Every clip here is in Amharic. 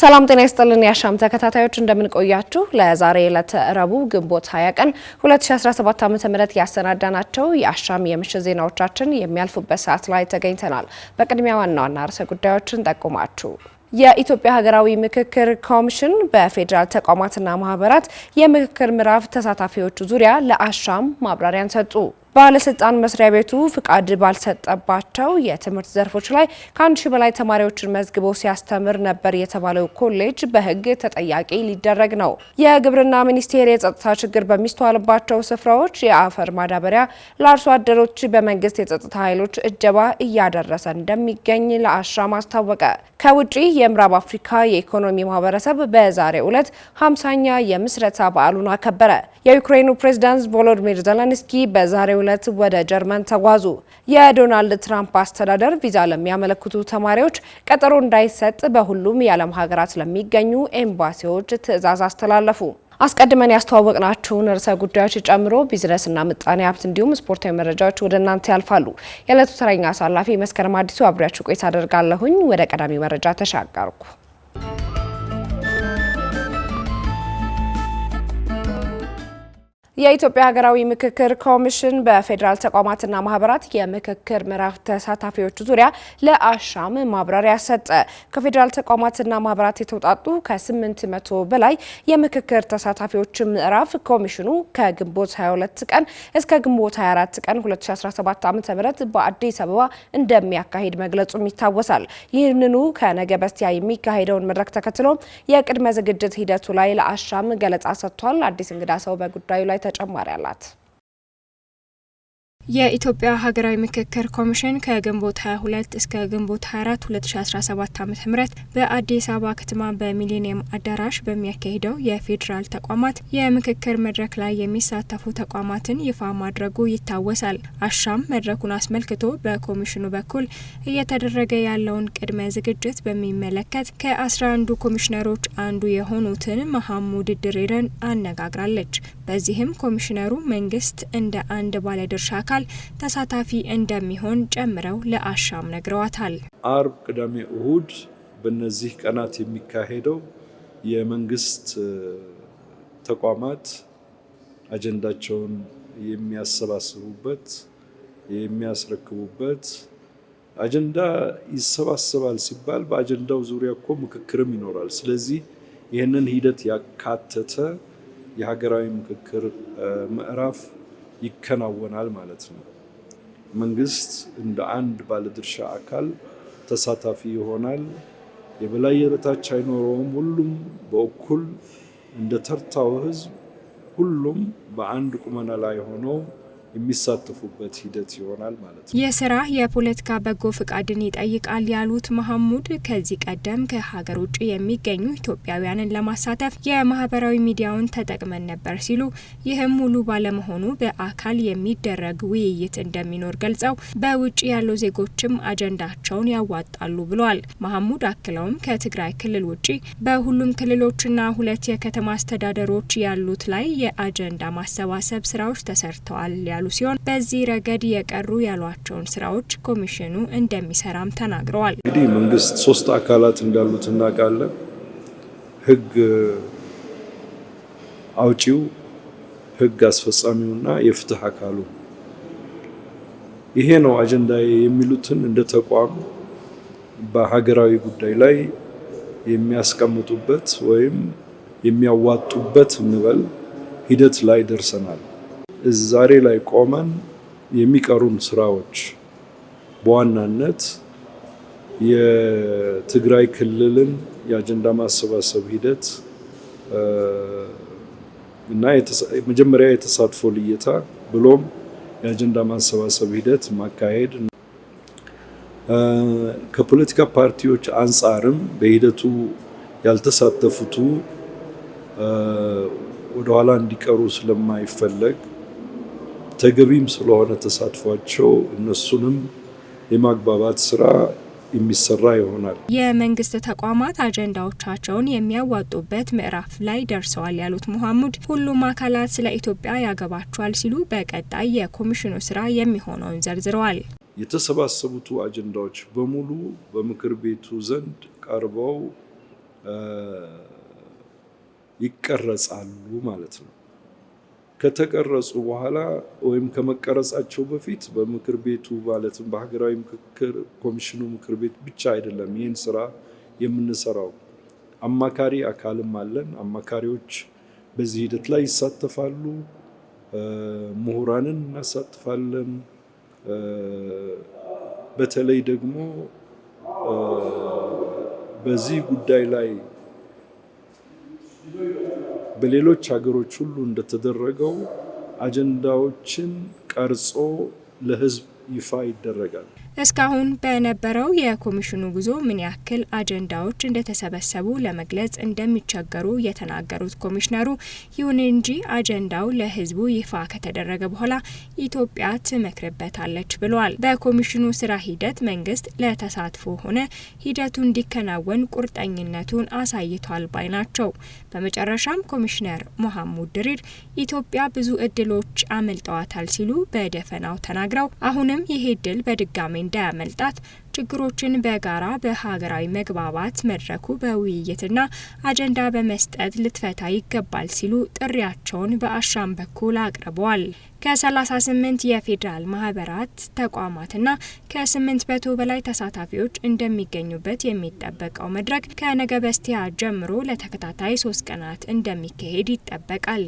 ሰላም ጤና ይስጥልን የአሻም ተከታታዮች እንደምንቆያችሁ። ለዛሬ ዕለተ ረቡዕ ግንቦት 20 ቀን 2017 ዓ.ም ያሰናዳናቸው የአሻም የምሽት ዜናዎቻችን የሚያልፉበት ሰዓት ላይ ተገኝተናል። በቅድሚያ ዋና ዋና ርዕሰ ጉዳዮችን ጠቁማችሁ የኢትዮጵያ ሀገራዊ ምክክር ኮሚሽን በፌዴራል ተቋማትና ማህበራት የምክክር ምዕራፍ ተሳታፊዎቹ ዙሪያ ለአሻም ማብራሪያን ሰጡ። ባለስልጣን መስሪያ ቤቱ ፍቃድ ባልሰጠባቸው የትምህርት ዘርፎች ላይ ከአንድ ሺህ በላይ ተማሪዎችን መዝግቦ ሲያስተምር ነበር የተባለው ኮሌጅ በሕግ ተጠያቂ ሊደረግ ነው። የግብርና ሚኒስቴር የጸጥታ ችግር በሚስተዋልባቸው ስፍራዎች የአፈር ማዳበሪያ ለአርሶ አደሮች በመንግስት የጸጥታ ኃይሎች እጀባ እያደረሰ እንደሚገኝ ለአሻም አስታወቀ። ከውጪ የምዕራብ አፍሪካ የኢኮኖሚ ማህበረሰብ በዛሬው ዕለት ሀምሳኛ የምስረታ በዓሉን አከበረ። የዩክሬኑ ፕሬዝዳንት ቮሎዲሚር ዘለንስኪ በዛሬው ዕለት ወደ ጀርመን ተጓዙ። የዶናልድ ትራምፕ አስተዳደር ቪዛ ለሚያመለክቱ ተማሪዎች ቀጠሮ እንዳይሰጥ በሁሉም የዓለም ሀገራት ለሚገኙ ኤምባሲዎች ትዕዛዝ አስተላለፉ። አስቀድመን ያስተዋወቅናችሁን ርዕሰ ጉዳዮች ጨምሮ ቢዝነስና ምጣኔ ሀብት እንዲሁም ስፖርታዊ መረጃዎች ወደ እናንተ ያልፋሉ። የዕለቱ ተረኛ አሳላፊ መስከረም አዲሱ አብሪያችሁ ቆይታ አደርጋለሁኝ። ወደ ቀዳሚ መረጃ ተሻጋርኩ። የኢትዮጵያ ሀገራዊ ምክክር ኮሚሽን በፌዴራል ተቋማትና ማህበራት የምክክር ምዕራፍ ተሳታፊዎች ዙሪያ ለአሻም ማብራሪያ ሰጠ። ከፌዴራል ተቋማትና ማህበራት የተውጣጡ ከ800 በላይ የምክክር ተሳታፊዎች ምዕራፍ ኮሚሽኑ ከግንቦት 22 ቀን እስከ ግንቦት 24 ቀን 2017 ም በአዲስ አበባ እንደሚያካሂድ መግለጹም ይታወሳል። ይህንኑ ከነገ በስቲያ የሚካሄደውን መድረክ ተከትሎ የቅድመ ዝግጅት ሂደቱ ላይ ለአሻም ገለጻ ሰጥቷል። አዲስ እንግዳ ሰው በጉዳዩ ላይ ተጨማሪ አላት። የኢትዮጵያ ሀገራዊ ምክክር ኮሚሽን ከግንቦት 22 እስከ ግንቦት 24 2017 ዓ ም በአዲስ አበባ ከተማ በሚሊኒየም አዳራሽ በሚያካሂደው የፌዴራል ተቋማት የምክክር መድረክ ላይ የሚሳተፉ ተቋማትን ይፋ ማድረጉ ይታወሳል። አሻም መድረኩን አስመልክቶ በኮሚሽኑ በኩል እየተደረገ ያለውን ቅድመ ዝግጅት በሚመለከት ከ11ዱ ኮሚሽነሮች አንዱ የሆኑትን መሐሙድ ድሪርን አነጋግራለች። በዚህም ኮሚሽነሩ መንግስት እንደ አንድ ባለድርሻ አካል ተሳታፊ እንደሚሆን ጨምረው ለአሻም ነግረዋታል። አርብ፣ ቅዳሜ፣ እሁድ በነዚህ ቀናት የሚካሄደው የመንግስት ተቋማት አጀንዳቸውን የሚያሰባስቡበት የሚያስረክቡበት አጀንዳ ይሰባሰባል ሲባል በአጀንዳው ዙሪያ እኮ ምክክርም ይኖራል። ስለዚህ ይህንን ሂደት ያካተተ የሀገራዊ ምክክር ምዕራፍ ይከናወናል ማለት ነው። መንግስት እንደ አንድ ባለድርሻ አካል ተሳታፊ ይሆናል። የበላይ የበታች አይኖረውም። ሁሉም በእኩል እንደ ተርታው ህዝብ ሁሉም በአንድ ቁመና ላይ ሆነው የሚሳተፉበት ሂደት ይሆናል ማለት ነው። የስራ የፖለቲካ በጎ ፍቃድን ይጠይቃል ያሉት መሀሙድ ከዚህ ቀደም ከሀገር ውጭ የሚገኙ ኢትዮጵያውያንን ለማሳተፍ የማህበራዊ ሚዲያውን ተጠቅመን ነበር ሲሉ ይህም ሙሉ ባለመሆኑ በአካል የሚደረግ ውይይት እንደሚኖር ገልጸው በውጭ ያሉ ዜጎችም አጀንዳቸውን ያዋጣሉ ብለዋል። መሐሙድ አክለውም ከትግራይ ክልል ውጭ በሁሉም ክልሎችና ሁለት የከተማ አስተዳደሮች ያሉት ላይ የአጀንዳ ማሰባሰብ ስራዎች ተሰርተዋል ያሉ ያሉ ሲሆን በዚህ ረገድ የቀሩ ያሏቸውን ስራዎች ኮሚሽኑ እንደሚሰራም ተናግረዋል። እንግዲህ መንግስት ሶስት አካላት እንዳሉት እናውቃለን። ህግ አውጪው፣ ህግ አስፈጻሚውና የፍትህ አካሉ ይሄ ነው አጀንዳ የሚሉትን እንደ ተቋም በሀገራዊ ጉዳይ ላይ የሚያስቀምጡበት ወይም የሚያዋጡበት እንበል ሂደት ላይ ደርሰናል። ዛሬ ላይ ቆመን የሚቀሩን ስራዎች በዋናነት የትግራይ ክልልን የአጀንዳ ማሰባሰብ ሂደት እና መጀመሪያ የተሳትፎ ልየታ ብሎም የአጀንዳ ማሰባሰብ ሂደት ማካሄድ ከፖለቲካ ፓርቲዎች አንጻርም በሂደቱ ያልተሳተፉቱ ወደኋላ እንዲቀሩ ስለማይፈለግ ተገቢም ስለሆነ ተሳትፏቸው እነሱንም የማግባባት ስራ የሚሰራ ይሆናል። የመንግስት ተቋማት አጀንዳዎቻቸውን የሚያዋጡበት ምዕራፍ ላይ ደርሰዋል ያሉት ሙሐሙድ ሁሉም አካላት ስለ ኢትዮጵያ ያገባቸዋል ሲሉ በቀጣይ የኮሚሽኑ ስራ የሚሆነውን ዘርዝረዋል። የተሰባሰቡት አጀንዳዎች በሙሉ በምክር ቤቱ ዘንድ ቀርበው ይቀረጻሉ ማለት ነው። ከተቀረጹ በኋላ ወይም ከመቀረጻቸው በፊት በምክር ቤቱ ማለትም በሀገራዊ ምክክር ኮሚሽኑ ምክር ቤት ብቻ አይደለም ይህን ስራ የምንሰራው። አማካሪ አካልም አለን። አማካሪዎች በዚህ ሂደት ላይ ይሳተፋሉ። ምሁራንን እናሳትፋለን። በተለይ ደግሞ በዚህ ጉዳይ ላይ በሌሎች ሀገሮች ሁሉ እንደተደረገው አጀንዳዎችን ቀርጾ ለህዝብ ይፋ ይደረጋል። እስካሁን በነበረው የኮሚሽኑ ጉዞ ምን ያክል አጀንዳዎች እንደተሰበሰቡ ለመግለጽ እንደሚቸገሩ የተናገሩት ኮሚሽነሩ ይሁን እንጂ አጀንዳው ለሕዝቡ ይፋ ከተደረገ በኋላ ኢትዮጵያ ትመክርበታለች ብለዋል። በኮሚሽኑ ስራ ሂደት መንግስት ለተሳትፎ ሆነ ሂደቱ እንዲከናወን ቁርጠኝነቱን አሳይቷል ባይ ናቸው። በመጨረሻም ኮሚሽነር ሞሐሙድ ድሪር ኢትዮጵያ ብዙ እድሎች አመልጠዋታል ሲሉ በደፈናው ተናግረው አሁንም ይህ እድል በድጋሚ እንዳያመልጣት ችግሮችን በጋራ በሀገራዊ መግባባት መድረኩ በውይይትና አጀንዳ በመስጠት ልትፈታ ይገባል ሲሉ ጥሪያቸውን በአሻም በኩል አቅርበዋል። ከ38 የፌዴራል ማህበራት ተቋማትና ከ8 በቶ በላይ ተሳታፊዎች እንደሚገኙበት የሚጠበቀው መድረክ ከነገ በስቲያ ጀምሮ ለተከታታይ ሶስት ቀናት እንደሚካሄድ ይጠበቃል።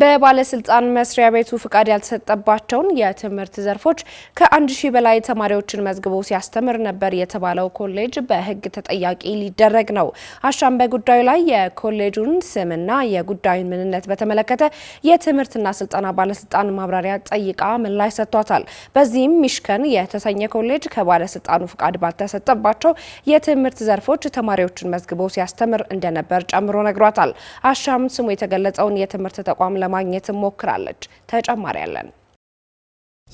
በባለስልጣን መስሪያ ቤቱ ፍቃድ ያልተሰጠባቸውን የትምህርት ዘርፎች ከአንድ ሺህ በላይ ተማሪዎችን መዝግቦ ሲያስተምር ነበር የተባለው ኮሌጅ በሕግ ተጠያቂ ሊደረግ ነው። አሻም በጉዳዩ ላይ የኮሌጁን ስምና የጉዳዩን ምንነት በተመለከተ የትምህርትና ስልጠና ባለስልጣን ማብራሪያ ጠይቃ ምላሽ ሰጥቷታል። በዚህም ሚሽከን የተሰኘ ኮሌጅ ከባለስልጣኑ ፍቃድ ባልተሰጠባቸው የትምህርት ዘርፎች ተማሪዎችን መዝግቦ ሲያስተምር እንደነበር ጨምሮ ነግሯታል። አሻም ስሙ የተገለጸውን የትምህርት ተቋም ለማግኘት ሞክራለች። ተጨማሪ ያለን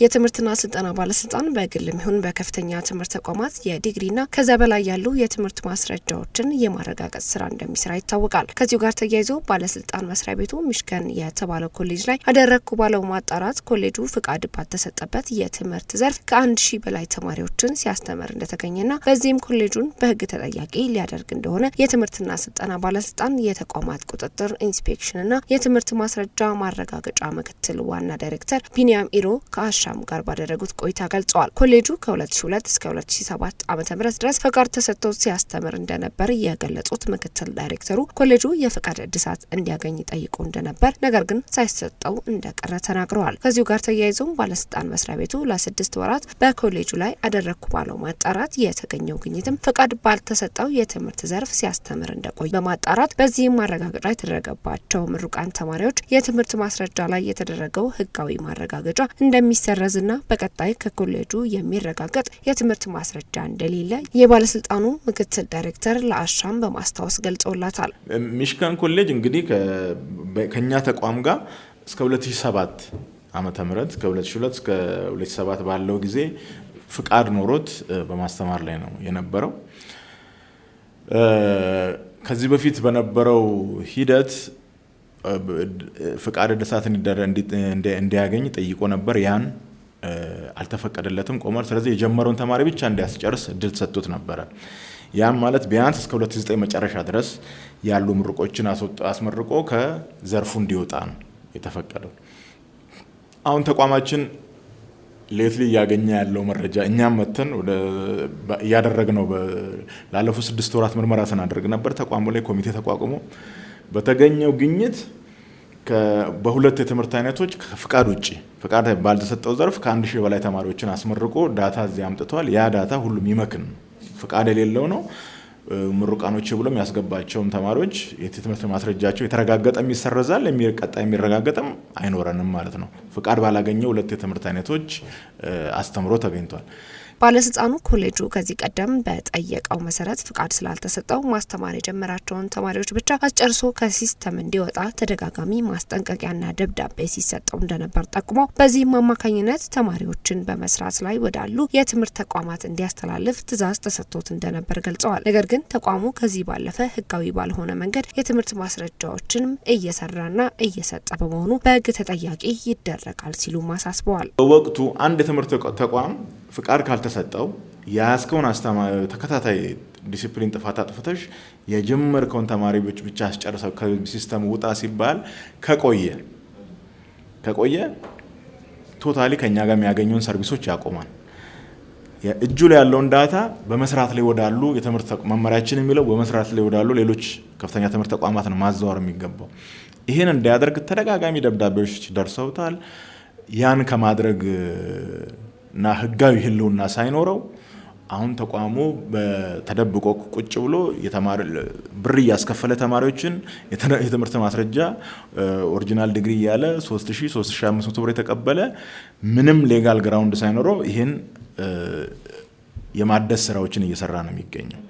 የትምህርትና ስልጠና ባለስልጣን በግልም ይሁን በከፍተኛ ትምህርት ተቋማት የዲግሪና ከዚያ በላይ ያሉ የትምህርት ማስረጃዎችን የማረጋገጥ ስራ እንደሚሰራ ይታወቃል። ከዚሁ ጋር ተያይዞ ባለስልጣን መስሪያ ቤቱ ሚሽገን የተባለው ኮሌጅ ላይ አደረግኩ ባለው ማጣራት ኮሌጁ ፍቃድ ባልተሰጠበት የትምህርት ዘርፍ ከአንድ ሺህ በላይ ተማሪዎችን ሲያስተምር እንደተገኘና በዚህም ኮሌጁን በህግ ተጠያቂ ሊያደርግ እንደሆነ የትምህርትና ስልጠና ባለስልጣን የተቋማት ቁጥጥር ኢንስፔክሽንና የትምህርት ማስረጃ ማረጋገጫ ምክትል ዋና ዳይሬክተር ቢኒያም ኢሮ ከአሽ ሻሙ ጋር ባደረጉት ቆይታ ገልጸዋል። ኮሌጁ ከ2002 እስከ 2007 ዓ ም ድረስ ፈቃድ ተሰጥቶ ሲያስተምር እንደነበር የገለጹት ምክትል ዳይሬክተሩ ኮሌጁ የፈቃድ እድሳት እንዲያገኝ ጠይቆ እንደነበር ነገር ግን ሳይሰጠው እንደቀረ ተናግረዋል። ከዚሁ ጋር ተያይዞም ባለስልጣን መስሪያ ቤቱ ለስድስት ወራት በኮሌጁ ላይ አደረግኩ ባለው ማጣራት የተገኘው ግኝትም ፈቃድ ባልተሰጠው የትምህርት ዘርፍ ሲያስተምር እንደቆይ በማጣራት በዚህም ማረጋገጫ የተደረገባቸው ምሩቃን ተማሪዎች የትምህርት ማስረጃ ላይ የተደረገው ህጋዊ ማረጋገጫ እንደሚሰ የሚሰረዝና በቀጣይ ከኮሌጁ የሚረጋገጥ የትምህርት ማስረጃ እንደሌለ የባለስልጣኑ ምክትል ዳይሬክተር ለአሻም በማስታወስ ገልጸውላታል። ሚሽካን ኮሌጅ እንግዲህ ከኛ ተቋም ጋር እስከ 2007 ዓመተ ምህረት ከ 2002 እስከ 2007 ባለው ጊዜ ፍቃድ ኖሮት በማስተማር ላይ ነው የነበረው። ከዚህ በፊት በነበረው ሂደት ፍቃድ እድሳት እንዲያገኝ ጠይቆ ነበር። ያን አልተፈቀደለትም ቆሟል። ስለዚህ የጀመረውን ተማሪ ብቻ እንዲያስጨርስ እድል ሰጥቶት ነበረ። ያም ማለት ቢያንስ እስከ 2009 መጨረሻ ድረስ ያሉ ምርቆችን አስመርቆ ከዘርፉ እንዲወጣ ነው የተፈቀደው። አሁን ተቋማችን ሌትሊ እያገኘ ያለው መረጃ እኛም መተን እያደረግ ነው። ላለፉት ስድስት ወራት ምርመራ ስናደርግ ነበር። ተቋሙ ላይ ኮሚቴ ተቋቁሞ በተገኘው ግኝት በሁለት የትምህርት አይነቶች ፍቃድ ውጭ ፍቃድ ባልተሰጠው ዘርፍ ከአንድ ሺህ በላይ ተማሪዎችን አስመርቆ ዳታ እዚህ አምጥተዋል። ያ ዳታ ሁሉም ይመክን ፍቃድ የሌለው ነው። ምሩቃኖች ብሎም ያስገባቸውም ተማሪዎች የትምህርት ማስረጃቸው የተረጋገጠም ይሰረዛል፣ የሚቀጣ የሚረጋገጠም አይኖረንም ማለት ነው። ፍቃድ ባላገኘው ሁለት የትምህርት አይነቶች አስተምሮ ተገኝቷል። ባለስልጣኑ ኮሌጁ ከዚህ ቀደም በጠየቀው መሰረት ፍቃድ ስላልተሰጠው ማስተማር የጀመራቸውን ተማሪዎች ብቻ አስጨርሶ ከሲስተም እንዲወጣ ተደጋጋሚ ማስጠንቀቂያና ደብዳቤ ሲሰጠው እንደነበር ጠቁሞ በዚህም አማካኝነት ተማሪዎችን በመስራት ላይ ወዳሉ የትምህርት ተቋማት እንዲያስተላልፍ ትዕዛዝ ተሰጥቶት እንደነበር ገልጸዋል። ነገር ግን ተቋሙ ከዚህ ባለፈ ህጋዊ ባልሆነ መንገድ የትምህርት ማስረጃዎችን እየሰራና እየሰጠ በመሆኑ በህግ ተጠያቂ ይደረጋል ሲሉም አሳስበዋል። በወቅቱ አንድ የትምህርት ተቋም ፍቃድ ካልተ ከሰጠው የያዝከውን አስተማሪ ተከታታይ ዲሲፕሊን ጥፋት አጥፍተሽ የጀመርከውን ተማሪ ብቻ አስጨርሰው ከሲስተም ውጣ ሲባል ከቆየ ከቆየ ቶታሊ ከእኛ ጋር የሚያገኘውን ሰርቪሶች ያቆማል። እጁ ላይ ያለውን ዳታ በመስራት ላይ ወዳሉ የትምህርት መመሪያችን የሚለው በመስራት ላይ ወዳሉ ሌሎች ከፍተኛ ትምህርት ተቋማት ነው ማዘዋወር የሚገባው። ይህን እንዲያደርግ ተደጋጋሚ ደብዳቤዎች ደርሰውታል። ያን ከማድረግ እና ህጋዊ ህልውና ሳይኖረው አሁን ተቋሙ ተደብቆ ቁጭ ብሎ ብር እያስከፈለ ተማሪዎችን የትምህርት ማስረጃ ኦሪጂናል ዲግሪ እያለ 3000 3500 ብር የተቀበለ ምንም ሌጋል ግራውንድ ሳይኖረው ይህን የማደስ ስራዎችን እየሰራ ነው የሚገኘው።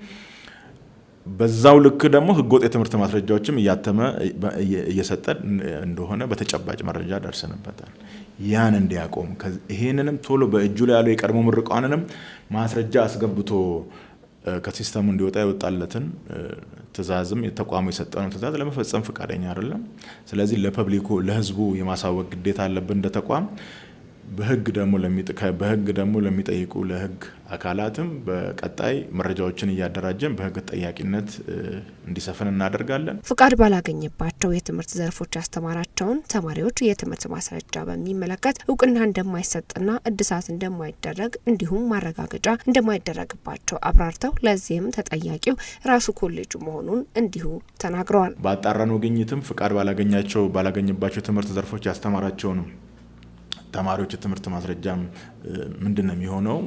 በዛው ልክ ደግሞ ህገወጥ የትምህርት ማስረጃዎችም እያተመ እየሰጠ እንደሆነ በተጨባጭ መረጃ ደርሰንበታል። ያን እንዲያቆም ይሄንንም ቶሎ በእጁ ላይ ያለው የቀድሞ ምርቋንንም ማስረጃ አስገብቶ ከሲስተሙ እንዲወጣ የወጣለትን ትእዛዝም ተቋሙ የሰጠነው ትእዛዝ ለመፈጸም ፈቃደኛ አይደለም። ስለዚህ ለፐብሊኩ ለህዝቡ የማሳወቅ ግዴታ አለብን እንደ ተቋም። በህግ ደግሞ በህግ ደግሞ ለሚጠይቁ ለህግ አካላትም በቀጣይ መረጃዎችን እያደራጀን በህግ ተጠያቂነት እንዲሰፍን እናደርጋለን። ፍቃድ ባላገኘባቸው የትምህርት ዘርፎች ያስተማራቸውን ተማሪዎች የትምህርት ማስረጃ በሚመለከት እውቅና እንደማይሰጥና እድሳት እንደማይደረግ እንዲሁም ማረጋገጫ እንደማይደረግባቸው አብራርተው ለዚህም ተጠያቂው ራሱ ኮሌጁ መሆኑን እንዲሁ ተናግረዋል። ባጣራነው ግኝትም ፍቃድ ባላገኛቸው ባላገኘባቸው የትምህርት ዘርፎች ያስተማራቸውንም ተማሪዎች የትምህርት ማስረጃ ምንድን ነው የሚሆነው?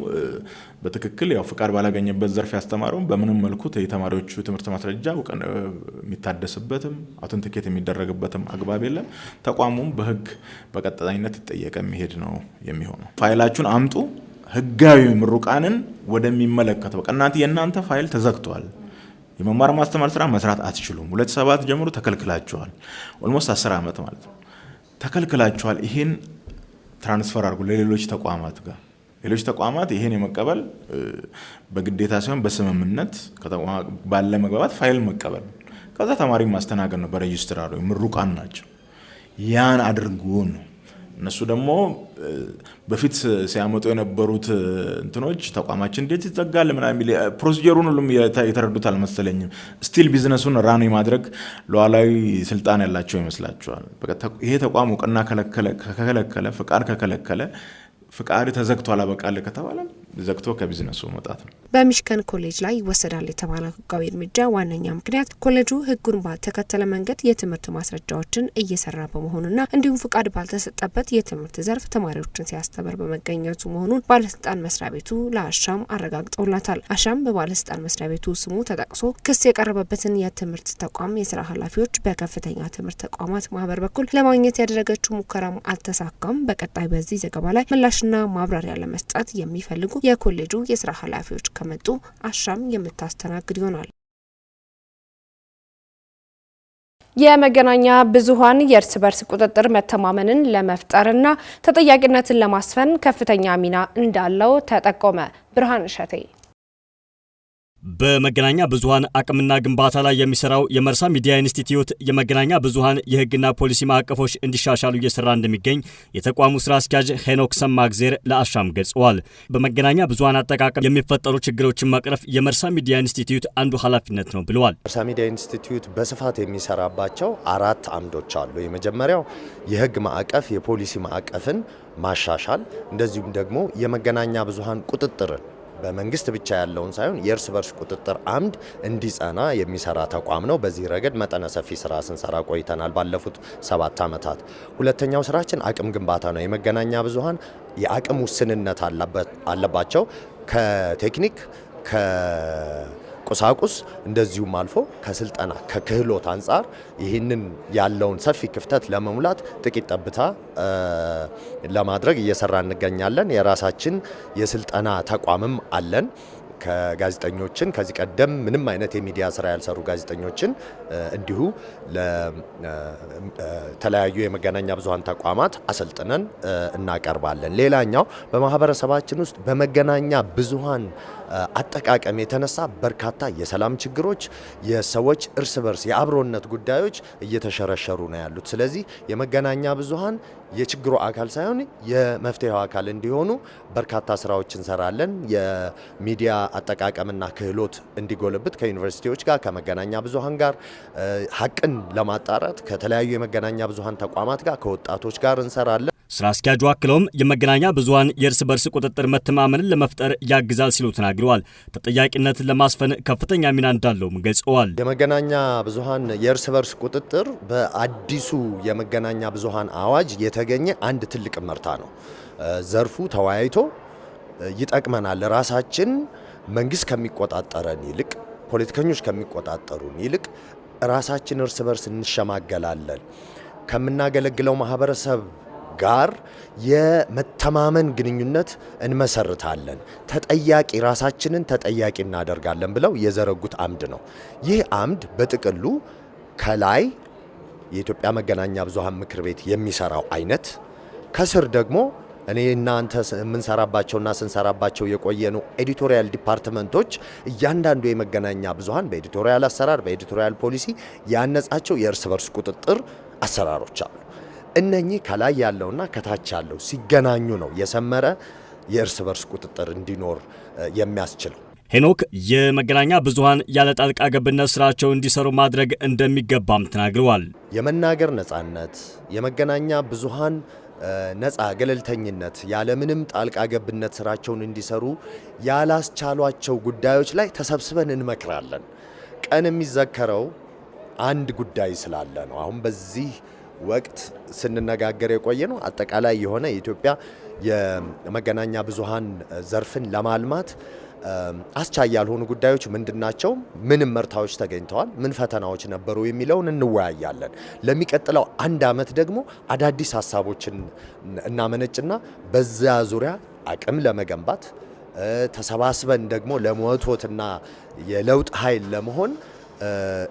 በትክክል ያው ፍቃድ ባላገኘበት ዘርፍ ያስተማረውም በምንም መልኩ የተማሪዎቹ ትምህርት ማስረጃ የሚታደስበትም አውተንቲኬት የሚደረግበትም አግባብ የለም። ተቋሙም በህግ በቀጣይነት ይጠየቀ የሚሄድ ነው የሚሆነው። ፋይላችሁን አምጡ፣ ህጋዊ ምሩቃንን ወደሚመለከተው ቀናት የእናንተ ፋይል ተዘግቷል የመማር ማስተማር ስራ መስራት አትችሉም። ሁለት ሰባት ጀምሮ ተከልክላችኋል። ኦልሞስት አስር ዓመት ማለት ነው ተከልክላችኋል። ይህን ትራንስፈር አድርጉ ለሌሎች ተቋማት ጋር ሌሎች ተቋማት ይሄን የመቀበል በግዴታ ሳይሆን በስምምነት ባለ መግባባት ፋይል መቀበል ከዛ ተማሪ ማስተናገድ ነው። በሬጅስትራሩ ምሩቃን ናቸው። ያን አድርጎ ነው እነሱ ደግሞ በፊት ሲያመጡ የነበሩት እንትኖች ተቋማችን እንዴት ይጠጋል ምናምን የሚል ፕሮሲጀሩን ሁሉም የተረዱት አልመሰለኝም። ስቲል ቢዝነሱን ራኑ የማድረግ ሉዓላዊ ስልጣን ያላቸው ይመስላቸዋል። ይሄ ተቋም እውቅና ከከለከለ፣ ፍቃድ ከከለከለ፣ ፍቃድ ተዘግቶ አላበቃል ከተባለ ዘግቶ ከቢዝነሱ መውጣት ነው። በሚሽከን ኮሌጅ ላይ ይወሰዳል የተባለው ህጋዊ እርምጃ ዋነኛ ምክንያት ኮሌጁ ህጉን ባልተከተለ መንገድ የትምህርት ማስረጃዎችን እየሰራ በመሆኑና እንዲሁም ፍቃድ ባልተሰጠበት የትምህርት ዘርፍ ተማሪዎችን ሲያስተምር በመገኘቱ መሆኑን ባለስልጣን መስሪያ ቤቱ ለአሻም አረጋግጠውላታል። አሻም በባለስልጣን መስሪያ ቤቱ ስሙ ተጠቅሶ ክስ የቀረበበትን የትምህርት ተቋም የስራ ኃላፊዎች በከፍተኛ ትምህርት ተቋማት ማህበር በኩል ለማግኘት ያደረገችው ሙከራም አልተሳካም። በቀጣይ በዚህ ዘገባ ላይ ምላሽና ማብራሪያ ለመስጠት የሚፈልጉ የኮሌጁ የስራ ኃላፊዎች ከመጡ አሻም የምታስተናግድ ይሆናል። የመገናኛ ብዙሃን የእርስ በርስ ቁጥጥር መተማመንን ለመፍጠርና ተጠያቂነትን ለማስፈን ከፍተኛ ሚና እንዳለው ተጠቆመ። ብርሃን እሸቴ በመገናኛ ብዙሃን አቅምና ግንባታ ላይ የሚሰራው የመርሳ ሚዲያ ኢንስቲትዩት የመገናኛ ብዙኃን የህግና ፖሊሲ ማዕቀፎች እንዲሻሻሉ እየሰራ እንደሚገኝ የተቋሙ ስራ አስኪያጅ ሄኖክ ሰማግዜር ለአሻም ገልጸዋል። በመገናኛ ብዙኃን አጠቃቀም የሚፈጠሩ ችግሮችን መቅረፍ የመርሳ ሚዲያ ኢንስቲትዩት አንዱ ኃላፊነት ነው ብለዋል። መርሳ ሚዲያ ኢንስቲትዩት በስፋት የሚሰራባቸው አራት አምዶች አሉ። የመጀመሪያው የህግ ማዕቀፍ የፖሊሲ ማዕቀፍን ማሻሻል እንደዚሁም ደግሞ የመገናኛ ብዙኃን ቁጥጥርን በመንግስት ብቻ ያለውን ሳይሆን የእርስ በርስ ቁጥጥር አምድ እንዲጸና የሚሰራ ተቋም ነው። በዚህ ረገድ መጠነ ሰፊ ስራ ስንሰራ ቆይተናል ባለፉት ሰባት ዓመታት። ሁለተኛው ስራችን አቅም ግንባታ ነው። የመገናኛ ብዙሃን የአቅም ውስንነት አለባቸው ከቴክኒክ ቁሳቁስ እንደዚሁም አልፎ ከስልጠና ከክህሎት አንጻር ይህንን ያለውን ሰፊ ክፍተት ለመሙላት ጥቂት ጠብታ ለማድረግ እየሰራ እንገኛለን። የራሳችን የስልጠና ተቋምም አለን። ከጋዜጠኞችን ከዚህ ቀደም ምንም አይነት የሚዲያ ስራ ያልሰሩ ጋዜጠኞችን እንዲሁ ለተለያዩ የመገናኛ ብዙሀን ተቋማት አሰልጥነን እናቀርባለን። ሌላኛው በማህበረሰባችን ውስጥ በመገናኛ ብዙሀን አጠቃቀም የተነሳ በርካታ የሰላም ችግሮች፣ የሰዎች እርስ በርስ የአብሮነት ጉዳዮች እየተሸረሸሩ ነው ያሉት። ስለዚህ የመገናኛ ብዙሃን የችግሩ አካል ሳይሆን የመፍትሄው አካል እንዲሆኑ በርካታ ስራዎች እንሰራለን። የሚዲያ አጠቃቀምና ክህሎት እንዲጎለብት ከዩኒቨርሲቲዎች ጋር ከመገናኛ ብዙሃን ጋር ሀቅን ለማጣራት ከተለያዩ የመገናኛ ብዙሃን ተቋማት ጋር ከወጣቶች ጋር እንሰራለን። ስራ አስኪያጁ አክለውም የመገናኛ ብዙሃን የእርስ በርስ ቁጥጥር መተማመንን ለመፍጠር ያግዛል ሲሉ ተናግረዋል። ተናግረዋል። ተጠያቂነትን ለማስፈን ከፍተኛ ሚና እንዳለውም ገልጸዋል። የመገናኛ ብዙኃን የእርስ በርስ ቁጥጥር በአዲሱ የመገናኛ ብዙሃን አዋጅ የተገኘ አንድ ትልቅ መርታ ነው። ዘርፉ ተወያይቶ ይጠቅመናል፣ ራሳችን መንግስት ከሚቆጣጠረን ይልቅ ፖለቲከኞች ከሚቆጣጠሩን ይልቅ ራሳችን እርስ በርስ እንሸማገላለን ከምናገለግለው ማህበረሰብ ጋር የመተማመን ግንኙነት እንመሰርታለን፣ ተጠያቂ ራሳችንን ተጠያቂ እናደርጋለን ብለው የዘረጉት አምድ ነው። ይህ አምድ በጥቅሉ ከላይ የኢትዮጵያ መገናኛ ብዙሃን ምክር ቤት የሚሰራው አይነት ከስር ደግሞ እኔ እናንተ የምንሰራባቸውና ስንሰራባቸው የቆየኑ ኤዲቶሪያል ዲፓርትመንቶች እያንዳንዱ የመገናኛ ብዙሃን በኤዲቶሪያል አሰራር፣ በኤዲቶሪያል ፖሊሲ ያነጻቸው የእርስ በርስ ቁጥጥር አሰራሮች አሉ። እነኚህ ከላይ ያለውና ከታች ያለው ሲገናኙ ነው የሰመረ የእርስ በርስ ቁጥጥር እንዲኖር የሚያስችለው። ሄኖክ የመገናኛ ብዙሃን ያለ ጣልቃ ገብነት ስራቸው እንዲሰሩ ማድረግ እንደሚገባም ተናግረዋል። የመናገር ነጻነት፣ የመገናኛ ብዙሃን ነጻ ገለልተኝነት፣ ያለምንም ጣልቃ ገብነት ስራቸውን እንዲሰሩ ያላስቻሏቸው ጉዳዮች ላይ ተሰብስበን እንመክራለን። ቀን የሚዘከረው አንድ ጉዳይ ስላለ ነው። አሁን በዚህ ወቅት ስንነጋገር የቆየ ነው። አጠቃላይ የሆነ የኢትዮጵያ የመገናኛ ብዙሃን ዘርፍን ለማልማት አስቻይ ያልሆኑ ጉዳዮች ምንድናቸው? ምን ምርታዎች ተገኝተዋል? ምን ፈተናዎች ነበሩ? የሚለውን እንወያያለን። ለሚቀጥለው አንድ አመት ደግሞ አዳዲስ ሀሳቦችን እናመነጭና በዛ ዙሪያ አቅም ለመገንባት ተሰባስበን ደግሞ ለመወቶትና የለውጥ ኃይል ለመሆን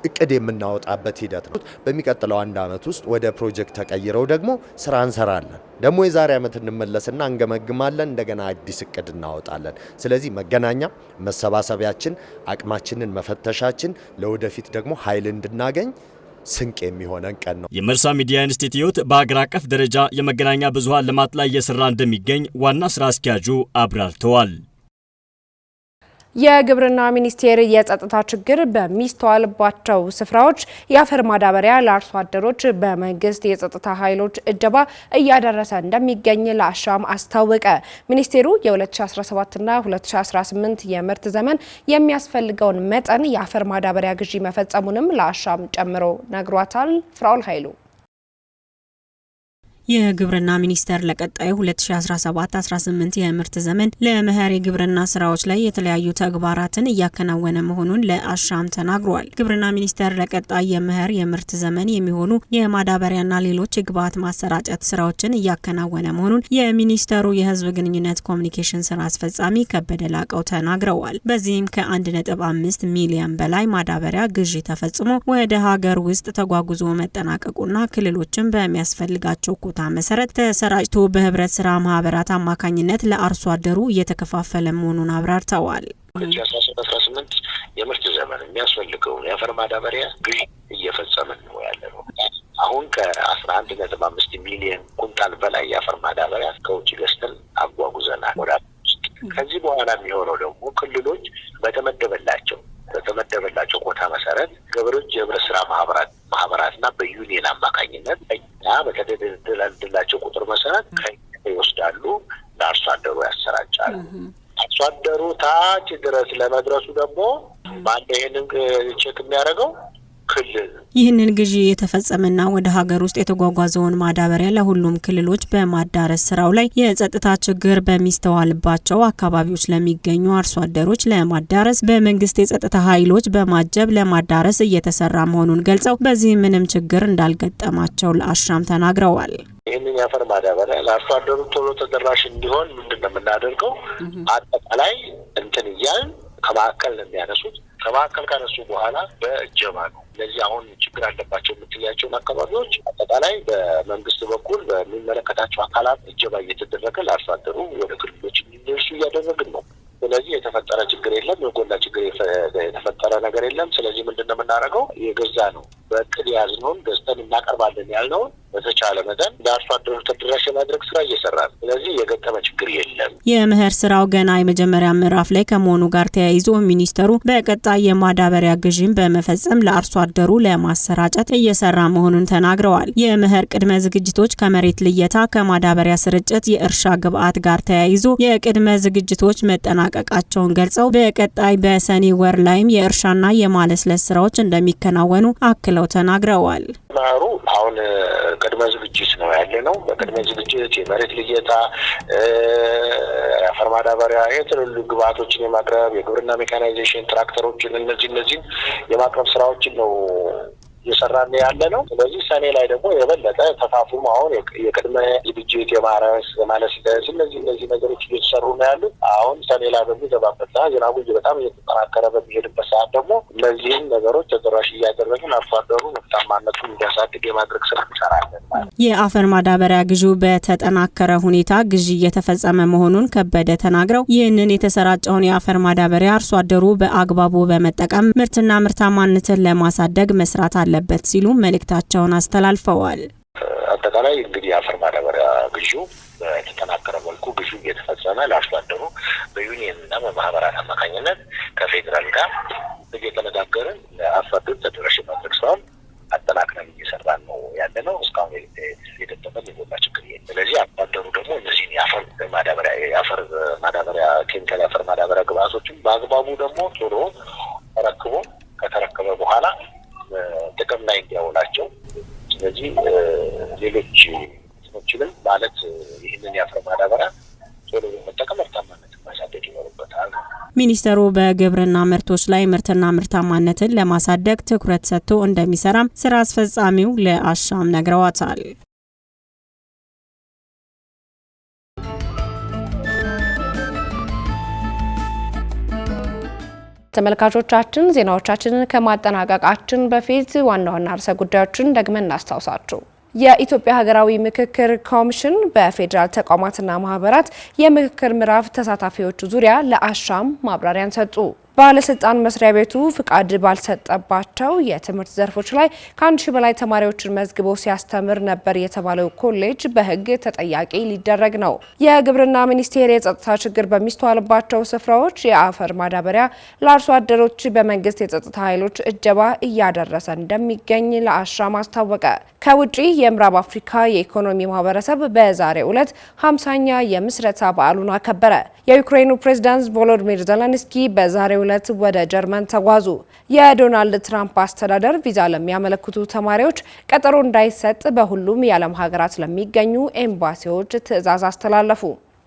እቅድ የምናወጣበት ሂደት ነው። በሚቀጥለው አንድ ዓመት ውስጥ ወደ ፕሮጀክት ተቀይረው ደግሞ ስራ እንሰራለን። ደግሞ የዛሬ ዓመት እንመለስና እንገመግማለን። እንደገና አዲስ እቅድ እናወጣለን። ስለዚህ መገናኛ መሰባሰቢያችን፣ አቅማችንን መፈተሻችን ለወደፊት ደግሞ ኃይል እንድናገኝ ስንቅ የሚሆነን ቀን ነው። የመርሳ ሚዲያ ኢንስቲትዩት በሀገር አቀፍ ደረጃ የመገናኛ ብዙሃን ልማት ላይ እየሰራ እንደሚገኝ ዋና ስራ አስኪያጁ አብራርተዋል። የግብርና ሚኒስቴር የጸጥታ ችግር በሚስተዋልባቸው ስፍራዎች የአፈር ማዳበሪያ ለአርሶ አደሮች በመንግስት የጸጥታ ኃይሎች እጀባ እያደረሰ እንደሚገኝ ለአሻም አስታወቀ። ሚኒስቴሩ የ2017ና 2018 የምርት ዘመን የሚያስፈልገውን መጠን የአፈር ማዳበሪያ ግዢ መፈጸሙንም ለአሻም ጨምሮ ነግሯታል። ፍራውል ኃይሉ የግብርና ሚኒስቴር ለቀጣዩ 2017-18 የምርት ዘመን ለመኸር የግብርና ስራዎች ላይ የተለያዩ ተግባራትን እያከናወነ መሆኑን ለአሻም ተናግሯል። ግብርና ሚኒስቴር ለቀጣይ የመኸር የምርት ዘመን የሚሆኑ የማዳበሪያና ሌሎች የግብዓት ማሰራጨት ስራዎችን እያከናወነ መሆኑን የሚኒስቴሩ የህዝብ ግንኙነት ኮሚኒኬሽን ስራ አስፈጻሚ ከበደ ላቀው ተናግረዋል። በዚህም ከ1.5 ሚሊዮን በላይ ማዳበሪያ ግዢ ተፈጽሞ ወደ ሀገር ውስጥ ተጓጉዞ መጠናቀቁና ክልሎችን በሚያስፈልጋቸው በይዞታ መሰረት ተሰራጭቶ በህብረት ስራ ማህበራት አማካኝነት ለአርሶ አደሩ እየተከፋፈለ መሆኑን አብራርተዋል። አስራ ስምንት የምርት ዘመን የሚያስፈልገውን የአፈር ማዳበሪያ ግዢ እየፈጸምን ነው ያለ ነው። አሁን ከአስራ አንድ ነጥብ አምስት ሚሊየን ኩንታል በላይ የአፈር ማዳበሪያ ከውጭ ገዝተን አጓጉዘናል ወደ ውስጥ። ከዚህ በኋላ የሚሆነው ደግሞ ክልሎች በተመደበላቸው በተመደበላቸው ቦታ መሰረት ገበሬዎች የህብረት ስራ ማህበራት በማህበራትና በዩኒየን አማካኝነት እኛ በተደላደላቸው ቁጥር መሰረት ይወስዳሉ፣ ለአርሶ አደሩ ያሰራጫሉ። አርሶ አደሩ ታች ድረስ ለመድረሱ ደግሞ ማነው ይሄንን ቼክ የሚያደርገው? ክልል ይህንን ግዢ የተፈጸመና ወደ ሀገር ውስጥ የተጓጓዘውን ማዳበሪያ ለሁሉም ክልሎች በማዳረስ ስራው ላይ የጸጥታ ችግር በሚስተዋልባቸው አካባቢዎች ለሚገኙ አርሶ አደሮች ለማዳረስ በመንግስት የጸጥታ ኃይሎች በማጀብ ለማዳረስ እየተሰራ መሆኑን ገልጸው በዚህ ምንም ችግር እንዳልገጠማቸው ለአሻም ተናግረዋል። ይህንን የአፈር ማዳበሪያ ለአርሶ አደሩ ቶሎ ተደራሽ እንዲሆን ምንድን ነው የምናደርገው? አጠቃላይ እንትን እያልን ከመካከል ነው የሚያነሱት ከማዕከል ካነሱ በኋላ በእጀባ ነው። እነዚህ አሁን ችግር አለባቸው የምትያቸውን አካባቢዎች አጠቃላይ በመንግስት በኩል በሚመለከታቸው አካላት እጀባ እየተደረገ ለአርሶ አደሩ ወደ ክልሎች እንዲደርሱ እያደረግን ነው። ስለዚህ የተፈጠረ ችግር የለም፣ የጎላ ችግር የተፈጠረ ነገር የለም። ስለዚህ ምንድን ነው የምናደርገው የገዛ ነው በእቅድ ያዝነውን ገዝተን እናቀርባለን ያልነውን በተቻለ መጠን ለአርሶ አደሮች ተደራሽ የማድረግ ስራ እየሰራ ነው። ስለዚህ የገጠመ ችግር የለም። የምህር ስራው ገና የመጀመሪያ ምዕራፍ ላይ ከመሆኑ ጋር ተያይዞ ሚኒስተሩ በቀጣይ የማዳበሪያ ግዥን በመፈጸም ለአርሶ አደሩ ለማሰራጨት እየሰራ መሆኑን ተናግረዋል። የምህር ቅድመ ዝግጅቶች ከመሬት ልየታ፣ ከማዳበሪያ ስርጭት፣ የእርሻ ግብዓት ጋር ተያይዞ የቅድመ ዝግጅቶች መጠናቀቃቸውን ገልጸው በቀጣይ በሰኔ ወር ላይም የእርሻና የማለስለስ ስራዎች እንደሚከናወኑ አክል አክለው ተናግረዋል። ማሩ አሁን ቅድመ ዝግጅት ነው ያለ ነው። በቅድመ ዝግጅት የመሬት ልየታ፣ የአፈር ማዳበሪያ፣ የተለሉ ግብአቶችን የማቅረብ የግብርና ሜካናይዜሽን ትራክተሮችን፣ እነዚህ እነዚህን የማቅረብ ስራዎችን ነው እየሰራን ያለ ነው። ስለዚህ ሰኔ ላይ ደግሞ የበለጠ ተፋፉም አሁን የቅድመ ዝግጅት የማረስ የማለስለስ እነዚህ እነዚህ ነገሮች እየተሰሩ ነው ያሉት። አሁን ሰኔ ላይ በሚገባበትና ዝናቡ በጣም እየተጠናከረ በሚሄድበት ሰዓት ደግሞ እነዚህን ነገሮች ተደራሽ እያደረግን አርሶ አደሩ ምርታማነቱን እንዲያሳድግ የማድረግ ስራ እንሰራለን። የአፈር ማዳበሪያ ግዢው በተጠናከረ ሁኔታ ግዢ እየተፈጸመ መሆኑን ከበደ ተናግረው ይህንን የተሰራጨውን የአፈር ማዳበሪያ አርሶ አደሩ በአግባቡ በመጠቀም ምርትና ምርታማነትን ለማሳደግ መስራት አለ አለበት ሲሉ መልእክታቸውን አስተላልፈዋል። አጠቃላይ እንግዲህ የአፈር ማዳበሪያ ግዢ በተጠናከረ መልኩ ግዢ እየተፈጸመ ለአርሶ አደሩ በዩኒየን እና በማህበራት አማካኝነት ከፌዴራል ጋር እየተነጋገርን ለአርሶ አደሩ ተደራሽ ማድረግ ስራውን አጠናክረን እየሰራን ነው ያለ ነው። እስካሁን የገጠመን የጎላ ችግር የለም። ስለዚህ አርሶ አደሩ ደግሞ እነዚህን የአፈር ማዳበሪያ የአፈር ማዳበሪያ ኬሚካል የአፈር ማዳበሪያ ግብአቶችን በአግባቡ ደግሞ ቶሎ እንትኖችንም ማለት ይህንን የአፈር ማዳበሪያ ቶሎ በመጠቀም ምርታማነትን ማሳደግ ይኖርበታል። ሚኒስተሩ በግብርና ምርቶች ላይ ምርትና ምርታማነትን ለማሳደግ ትኩረት ሰጥቶ እንደሚሰራም ስራ አስፈጻሚው ለአሻም ነግረዋታል። ተመልካቾቻችን ዜናዎቻችንን ከማጠናቀቃችን በፊት ዋና ዋና ርዕሰ ጉዳዮችን ደግመን እናስታውሳችሁ። የኢትዮጵያ ሀገራዊ ምክክር ኮሚሽን በፌዴራል ተቋማትና ማህበራት የምክክር ምዕራፍ ተሳታፊዎቹ ዙሪያ ለአሻም ማብራሪያን ሰጡ። ባለስልጣን መስሪያ ቤቱ ፍቃድ ባልሰጠባቸው የትምህርት ዘርፎች ላይ ከአንድ ሺህ በላይ ተማሪዎችን መዝግቦ ሲያስተምር ነበር የተባለው ኮሌጅ በሕግ ተጠያቂ ሊደረግ ነው። የግብርና ሚኒስቴር የጸጥታ ችግር በሚስተዋልባቸው ስፍራዎች የአፈር ማዳበሪያ ለአርሶ አደሮች በመንግስት የጸጥታ ኃይሎች እጀባ እያደረሰ እንደሚገኝ ለአሻም አስታወቀ። ከውጪ የምዕራብ አፍሪካ የኢኮኖሚ ማህበረሰብ በዛሬው ዕለት ሀምሳኛ የምስረታ በዓሉን አከበረ። የዩክሬኑ ፕሬዝዳንት ቮሎዲሚር ዘለንስኪ በዛሬው ዕለት ወደ ጀርመን ተጓዙ። የዶናልድ ትራምፕ አስተዳደር ቪዛ ለሚያመለክቱ ተማሪዎች ቀጠሮ እንዳይሰጥ በሁሉም የዓለም ሀገራት ለሚገኙ ኤምባሲዎች ትዕዛዝ አስተላለፉ።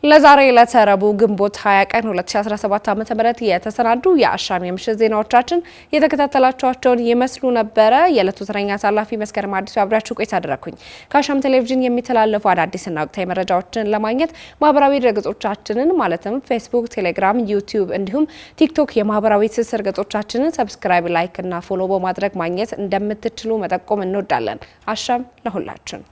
ለዛሬ ለተረቡ ግንቦት 20 ቀን 2017 ዓ.ም የተሰናዱ የአሻም የምሽት ዜናዎቻችን የተከታተላችኋቸውን ይመስሉ ነበረ። የዕለቱ ተረኛ አሳላፊ መስከረም አዲሱ አብሪያችሁ ቆይታ አደረኩኝ። ከአሻም ቴሌቪዥን የሚተላለፉ አዳዲስና ወቅታዊ መረጃዎችን ለማግኘት ማህበራዊ ድረገጾቻችንን ማለትም ፌስቡክ፣ ቴሌግራም፣ ዩቲዩብ እንዲሁም ቲክቶክ የማህበራዊ ትስስር ገጾቻችንን ሰብስክራይብ፣ ላይክ እና ፎሎ በማድረግ ማግኘት እንደምትችሉ መጠቆም እንወዳለን። አሻም ለሁላችን!